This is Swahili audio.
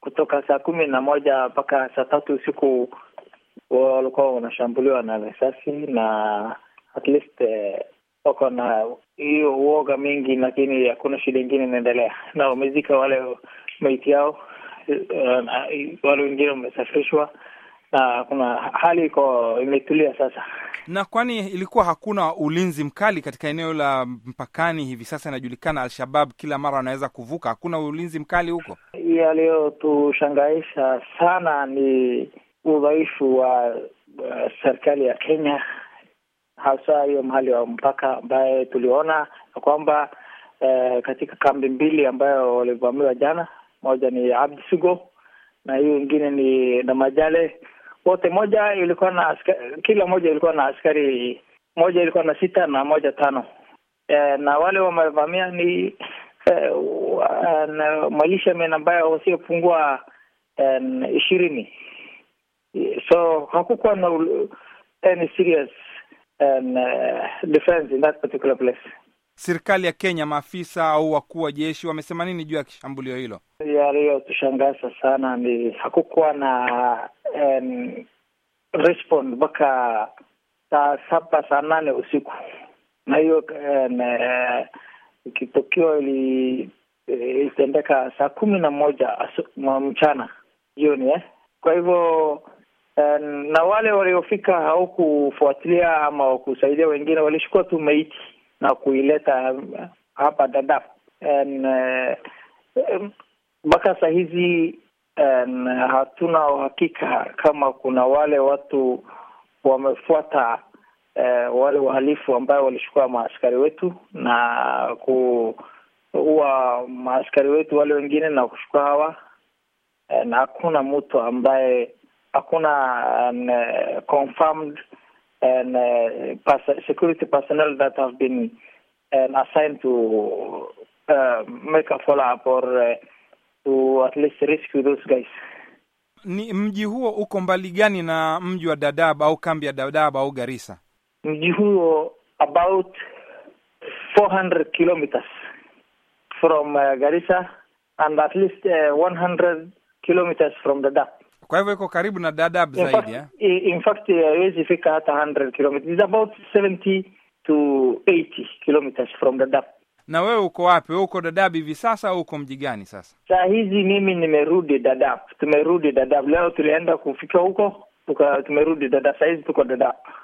kutoka saa kumi na moja mpaka saa tatu usiku walikuwa wanashambuliwa na risasi na at least eh, wako na hiyo uoga mingi, lakini hakuna shida ingine inaendelea, na wamezika wale maiti yao. Eh, wale wengine wamesafirishwa na kuna hali iko imetulia sasa. Na kwani ilikuwa hakuna ulinzi mkali katika eneo la mpakani? Hivi sasa inajulikana Al-Shabab kila mara wanaweza kuvuka, hakuna ulinzi mkali huko. Yaliyotushangaisha sana ni udhaifu wa uh, serikali ya Kenya, hasa hiyo mahali wa mpaka ambaye tuliona ya kwamba eh, katika kambi mbili ambayo walivamiwa jana, moja ni Abdisugo na hiyo ingine ni Damajale wote, moja ilikuwa na askari, kila moja ilikuwa na askari moja ilikuwa na sita na moja tano. E, na wale wamevamia ni e, militiamen ambayo wasiopungua e, ishirini, so hakukuwa na any serious e, and, uh, defense in that particular place. Serikali ya Kenya, maafisa au wakuu wa jeshi wamesema nini juu ya shambulio hilo? Yaliyotushangaza sana ni hakukuwa na um, baka mpaka saa saba saa nane usiku, na hiyo um, uh, eh, tukio ilitendeka eh, saa kumi na moja mchana jioni eh? Kwa hivyo um, na wale waliofika hawakufuatilia ama wakusaidia wengine, walishukua tu maiti na kuileta eh, hapa dadap mpaka sahizi saa hizi And hatuna uhakika kama kuna wale watu wamefuata eh, wale wahalifu ambayo walichukua maaskari wetu na kuua maaskari wetu wale wengine na kuchukua hawa eh, na hakuna mtu ambaye hakuna um, confirmed and uh, eh, pers- security personnel that have been eh, assigned to uh, make a follow up or uh, at least rescue those guys. Ni mji huo uko mbali gani na mji wa Dadaab au kambi ya Dadaab au Garissa? Mji huo about 400 kilometers from uh, Garissa and at least uh, 100 kilometers from Dadaab. Kwa hivyo iko karibu na Dadaab zaidi eh? In fact uh, haiwezi fika hata 100 kilometers. It's about 70 to 80 kilometers from Dadaab. Na wewe uko wapi? Wewe uko Dadab hivi sasa au uko mji gani sasa? Saa hizi mimi nimerudi Dadab, tumerudi dadab leo, tulienda kufika huko tumerudi Dadab, saa hizi tuko Dadab.